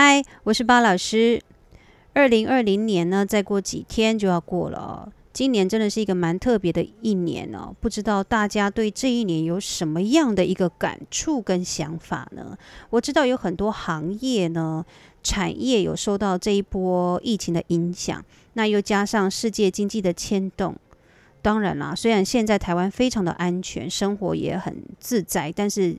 嗨，Hi, 我是巴老師。二零二零年呢，再過幾天就要過了哦。今年真的是一個蠻特別的一年哦。不知道大家對這一年有什麼樣的一個感觸跟想法呢？我知道有很多行業呢，產業有受到這一波疫情的影響，那又加上世界經濟的牽動。當然啦，雖然現在台灣非常的安全，生活也很自在，但是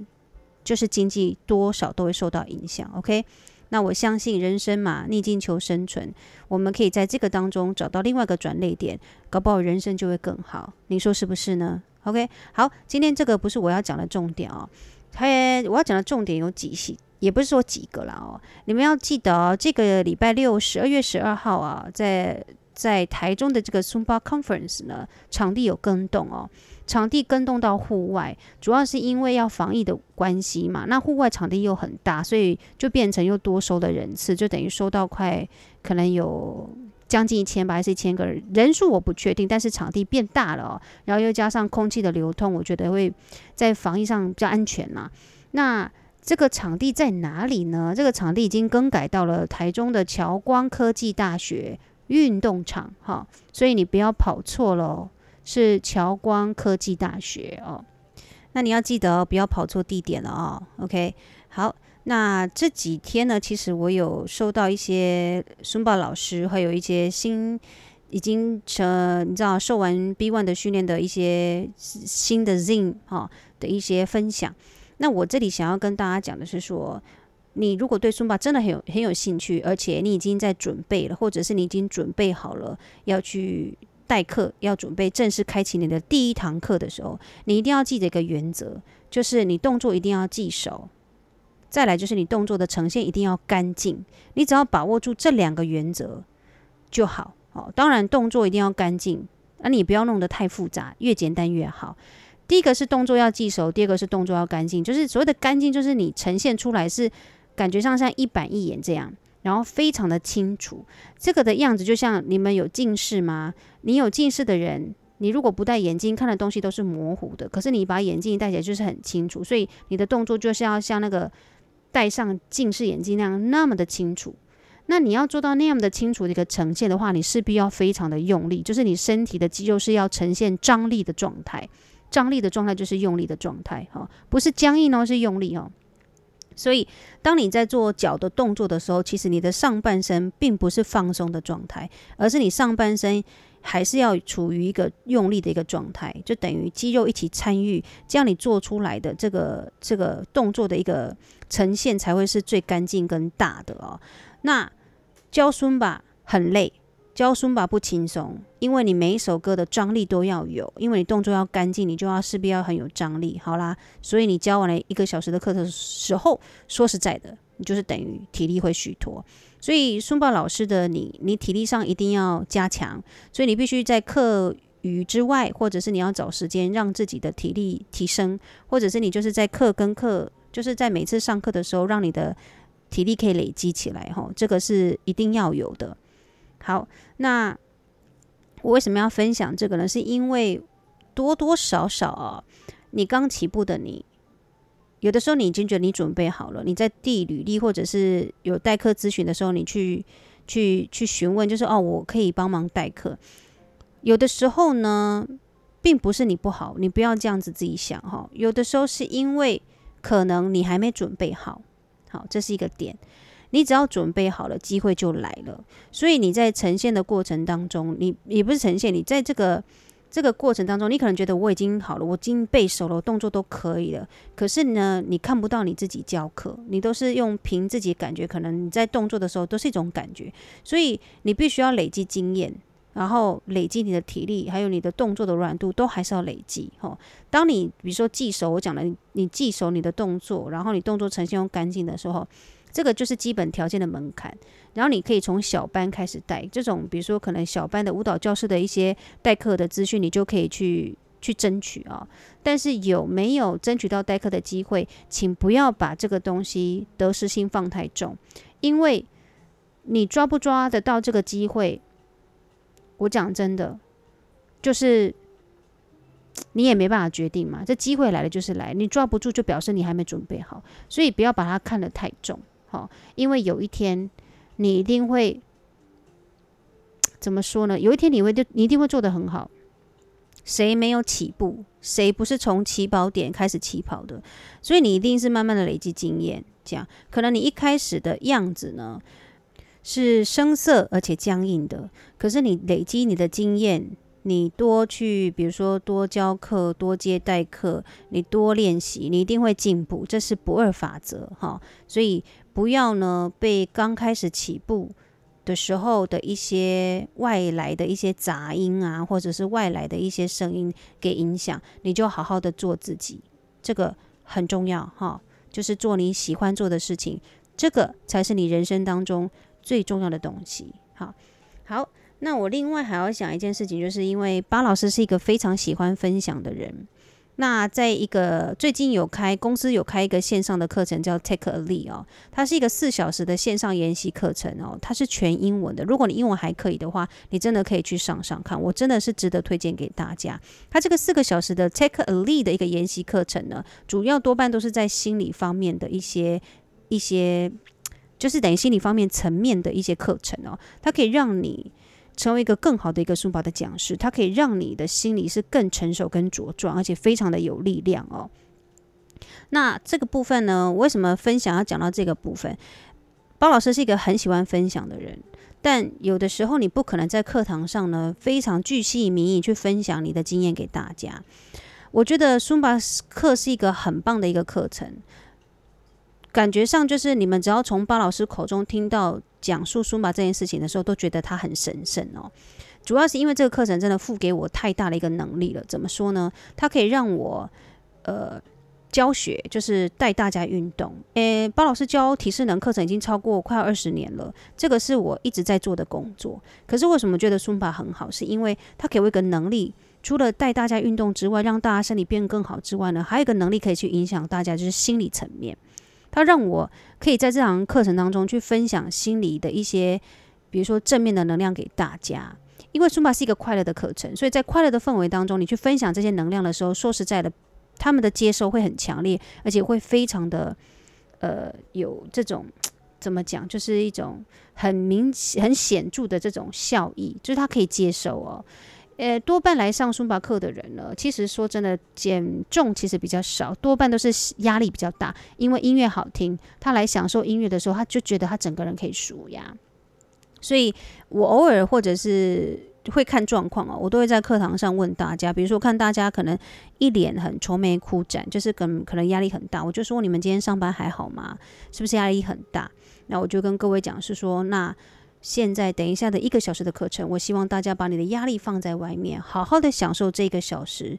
就是經濟多少都會受到影響。OK。那我相信人生嘛，逆境求生存，我們可以在這個當中找到另外一個轉捩點，搞不好人生就會更好。你說是不是呢？OK，好，今天這個不是我要講的重點哦，還我要講的重點有幾些，也不是說幾個啦哦，你們要記得哦，這個禮拜六，十二月十二號啊，在。在台中的這個 Sumba Conference 呢，場地有更動哦，場地更動到戶外，主要是因為要防疫的關係嘛。那戶外場地又很大，所以就變成又多收的人次，就等於收到快可能有將近一千吧，還是一千個人，人數我不確定。但是場地變大了哦，然後又加上空氣的流通，我覺得會在防疫上比較安全嘛、啊。那這個場地在哪裡呢？這個場地已經更改到了台中的僑光科技大學。運動場，好、哦，所以你不要跑錯了哦，是僑光科技大學哦，那你要記得、哦、不要跑錯地點了啊、哦。OK，好，那這幾天呢，其實我有收到一些孫寶老師，還有一些新已經成，你知道受完 B One 的訓練的一些新的 Zing 哈的一些分享，那我這裡想要跟大家講的是說，你如果對 Zumba 真的很有很有興趣，而且你已經在準備了，或者是你已經準備好了要去代課，要準備正式開啟你的第一堂課的時候，你一定要記得一個原則，就是你動作一定要記熟。再來就是你動作的呈現一定要乾淨。你只要把握住這兩個原則就好好，哦，當然動作一定要乾淨，那，啊，你不要弄得太複雜，越簡單越好。第一個是動作要記熟，第二個是動作要乾淨，就是所謂的乾淨，就是你呈現出來是。感覺上像一板一眼這樣，然後非常的清楚。這個的樣子就像你們有近視嗎？你有近視的人，你如果不戴眼鏡看的東西都是模糊的。可是你把眼鏡戴起來就是很清楚，所以你的動作就是要像那個戴上近視眼鏡那樣那麼的清楚。那你要做到那樣的清楚的一個呈現的話，你勢必要非常的用力，就是你身體的肌肉是要呈現張力的狀態，張力的狀態就是用力的狀態，哈、哦，不是僵硬哦，是用力哦。所以，當你在做腳的動作的時候，其實你的上半身並不是放鬆的狀態，而是你上半身還是要處於一個用力的一個狀態，就等於肌肉一起參與，這樣你做出來的這個這個動作的一個呈現才會是最乾淨跟大的哦。那教孫吧，很累。教森巴，不輕鬆，因為你每一首歌的張力都要有，因為你動作要乾淨，你就要勢必要很有張力。好啦，所以你教完了一個小時的課的時候，說實在的，你就是等於體力會虛脫。所以森巴老師的你，你體力上一定要加強，所以你必須在課餘之外，或者是你要找時間讓自己的體力提升，或者是你就是在課跟課，就是在每次上課的時候，讓你的體力可以累積起來。吼、哦，這個是一定要有的。好，那我為什麼要分享這個呢？是因為多多少少啊，你剛起步的你，有的時候你已經覺得你準備好了，你在遞履歷或者是有代課諮詢的時候，你去去去詢問，就是哦，我可以幫忙代課。有的時候呢，並不是你不好，你不要這樣子自己想哈、哦。有的時候是因為可能你還沒準備好，好，這是一個點。你只要準備好了，機會就來了。所以你在呈現的過程當中，你也不是呈現，你在這個這個過程當中，你可能覺得我已經好了，我已經背熟了，我動作都可以了。可是呢，你看不到你自己教課，你都是用憑自己的感覺，可能你在動作的時候都是一種感覺。所以你必須要累積經驗，然後累積你的體力，還有你的動作的軟度，都還是要累積。吼，當你比如說記熟我講的，你記熟你的動作，然後你動作呈現用乾淨的時候。這個就是基本條件的門檻，然後你可以從小班開始帶這種，比如說可能小班的舞蹈教室的一些代課的資訊，你就可以去去爭取啊。但是有沒有爭取到代課的機會，請不要把這個東西得失心放太重，因為你抓不抓得到這個機會，我講真的，就是你也沒辦法決定嘛。這機會來了就是來，你抓不住就表示你還沒準備好，所以不要把它看得太重。好，因為有一天，你一定會怎麼說呢？有一天你會就你一定會做得很好。誰沒有起步？誰不是從起跑點開始起跑的？所以你一定是慢慢的累積經驗。這樣，可能你一開始的樣子呢，是生澀而且僵硬的。可是你累積你的經驗，你多去，比如說多教課、多接待客，你多練習，你一定會進步。這是不二法則。哈、哦，所以。不要呢被剛開始起步的時候的一些外來的一些雜音啊，或者是外來的一些聲音給影響，你就好好的做自己，這個很重要哈、哦。就是做你喜歡做的事情，這個才是你人生當中最重要的東西。好、哦，好，那我另外還要想一件事情，就是因為巴老師是一個非常喜歡分享的人。那在一個最近有開公司，有開一個線上的課程叫 Take a Lead 哦，它是一個四小時的線上研習課程哦，它是全英文的。如果你英文還可以的話，你真的可以去上上看，我真的是值得推薦給大家。它這個四個小時的 Take a Lead 的一個研習課程呢，主要多半都是在心理方面的一些一些，就是等於心理方面層面的一些課程哦，它可以讓你。成為一個更好的一個蘇巴的講師，它可以讓你的心理是更成熟、更茁壯，而且非常的有力量哦。那這個部分呢，為什麼分享要講到這個部分？巴老師是一個很喜歡分享的人，但有的時候你不可能在課堂上呢，非常巨細靡遺去分享你的經驗給大家。我覺得蘇巴課是一個很棒的一個課程，感覺上就是你們只要從巴老師口中聽到。講述 Zumba 這件事情的時候，都覺得他很神聖哦。主要是因為這個課程真的賦給我太大的一個能力了。怎麼說呢？它可以讓我呃教學，就是帶大家運動。誒，包老師教體適能課程已經超過快二十年了，這個是我一直在做的工作。可是為什麼覺得 Zumba 很好？是因為他給我一個能力，除了帶大家運動之外，讓大家身體變更好之外呢，還有一個能力可以去影響大家，就是心理層面。他讓我可以在這堂課程當中去分享心理的一些，比如說正面的能量給大家，因為蘇馬是一個快樂的課程，所以在快樂的氛圍當中，你去分享這些能量的時候，說實在的，他們的接收會很強烈，而且會非常的，呃，有這種怎麼講，就是一種很明顯很顯著的這種效益，就是他可以接受哦。呃，多半來上尊巴課的人呢，其實說真的，減重其實比較少，多半都是壓力比較大，因為音樂好聽，他來享受音樂的時候，他就覺得他整個人可以舒壓。所以我偶爾或者是會看狀況啊、哦，我都會在課堂上問大家，比如說看大家可能一臉很愁眉苦展，就是可能壓力很大，我就說你們今天上班還好嗎？是不是壓力很大？那我就跟各位講是說那。現在等一下的一個小時的課程，我希望大家把你的壓力放在外面，好好的享受這個小時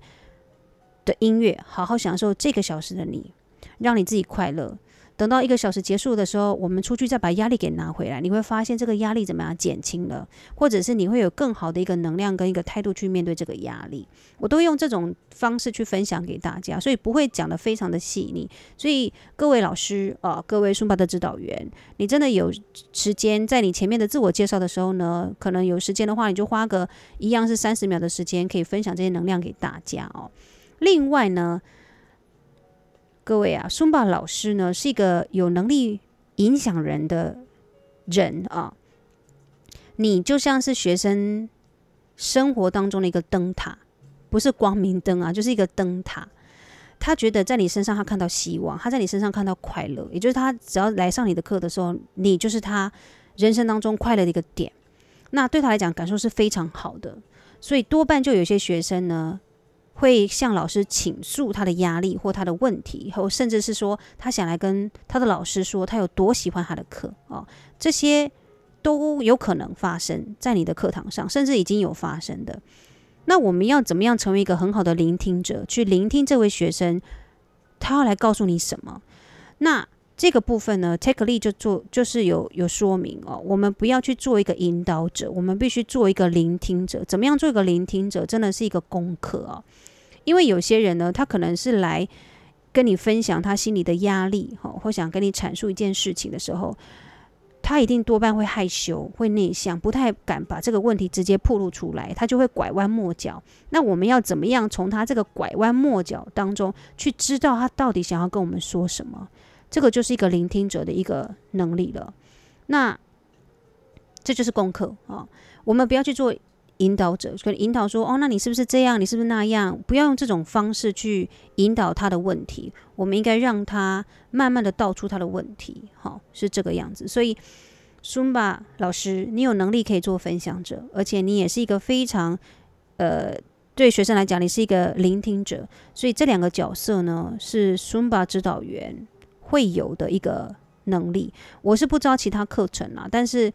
的音樂，好好享受這個小時的你，讓你自己快樂。等到一個小時結束的時候，我們出去再把壓力給拿回來，你會發現這個壓力怎麼樣減輕了，或者是你會有更好的一個能量跟一個態度去面對這個壓力。我都用這種方式去分享給大家，所以不會講得非常的細膩。所以各位老師啊，各位 Zumba 的指導員，你真的有時間在你前面的自我介紹的時候呢，可能有時間的話，你就花個一樣是三十秒的時間，可以分享這些能量給大家哦。另外呢。各位啊，宋巴老師呢是一個有能力影響人的人啊，你就像是學生生活當中的一個燈塔，不是光明燈啊，就是一個燈塔。他覺得在你身上他看到希望，他在你身上看到快樂，也就是他只要來上你的課的時候，你就是他人生當中快樂的一個點。那對他來講，感受是非常好的，所以多半就有些學生呢。會向老師傾訴他的壓力或他的問題，或甚至是說他想來跟他的老師說他有多喜歡他的課哦，這些都有可能發生在你的課堂上，甚至已經有發生的。那我們要怎麼樣成為一個很好的聆聽者，去聆聽這位學生他要來告訴你什麼？那這個部分呢，Take a lead 就做就是有有說明哦，我們不要去做一個引導者，我們必須做一個聆聽者。怎麼樣做一個聆聽者，真的是一個功課哦。因為有些人呢，他可能是來跟你分享他心裡的壓力，哦，或想跟你闡述一件事情的時候，他一定多半會害羞、會內向，不太敢把這個問題直接暴露出來，他就會拐彎抹角。那我們要怎麼樣從他這個拐彎抹角當中去知道他到底想要跟我們說什麼？這個就是一個聆聽者的一個能力了。那這就是功課啊，哦，我們不要去做。引導者，所以引導說，哦，那你是不是這樣？你是不是那樣？不要用這種方式去引導他的問題。我們應該讓他慢慢的道出他的問題。好，是這個樣子。所以，Sumba 老師，你有能力可以做分享者，而且你也是一個非常呃，對學生來講，你是一個聆聽者。所以這兩個角色呢，是 Sumba 指導員會有的一個能力。我是不知道其他課程啊，但是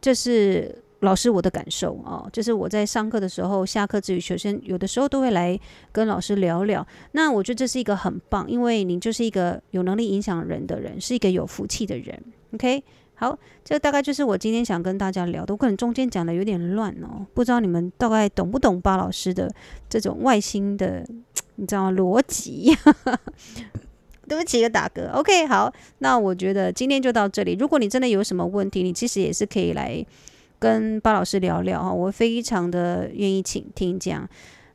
這、就是。老師，我的感受哦，就是我在上課的時候，下課之餘，學生有的時候都會來跟老師聊聊。那我覺得這是一個很棒，因為你就是一個有能力影響人的人，是一個有福氣的人。OK，好，這大概就是我今天想跟大家聊的。我可能中間講的有點亂哦，不知道你們大概懂不懂巴老師的這種外星的，你知道嗎？邏輯，對不起，一個大哥。OK，好，那我覺得今天就到這裡。如果你真的有什麼問題，你其實也是可以來。跟巴老師聊聊啊，我非常的願意請聽講。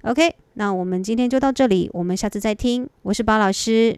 OK，那我們今天就到這裡，我們下次再聽。我是巴老師。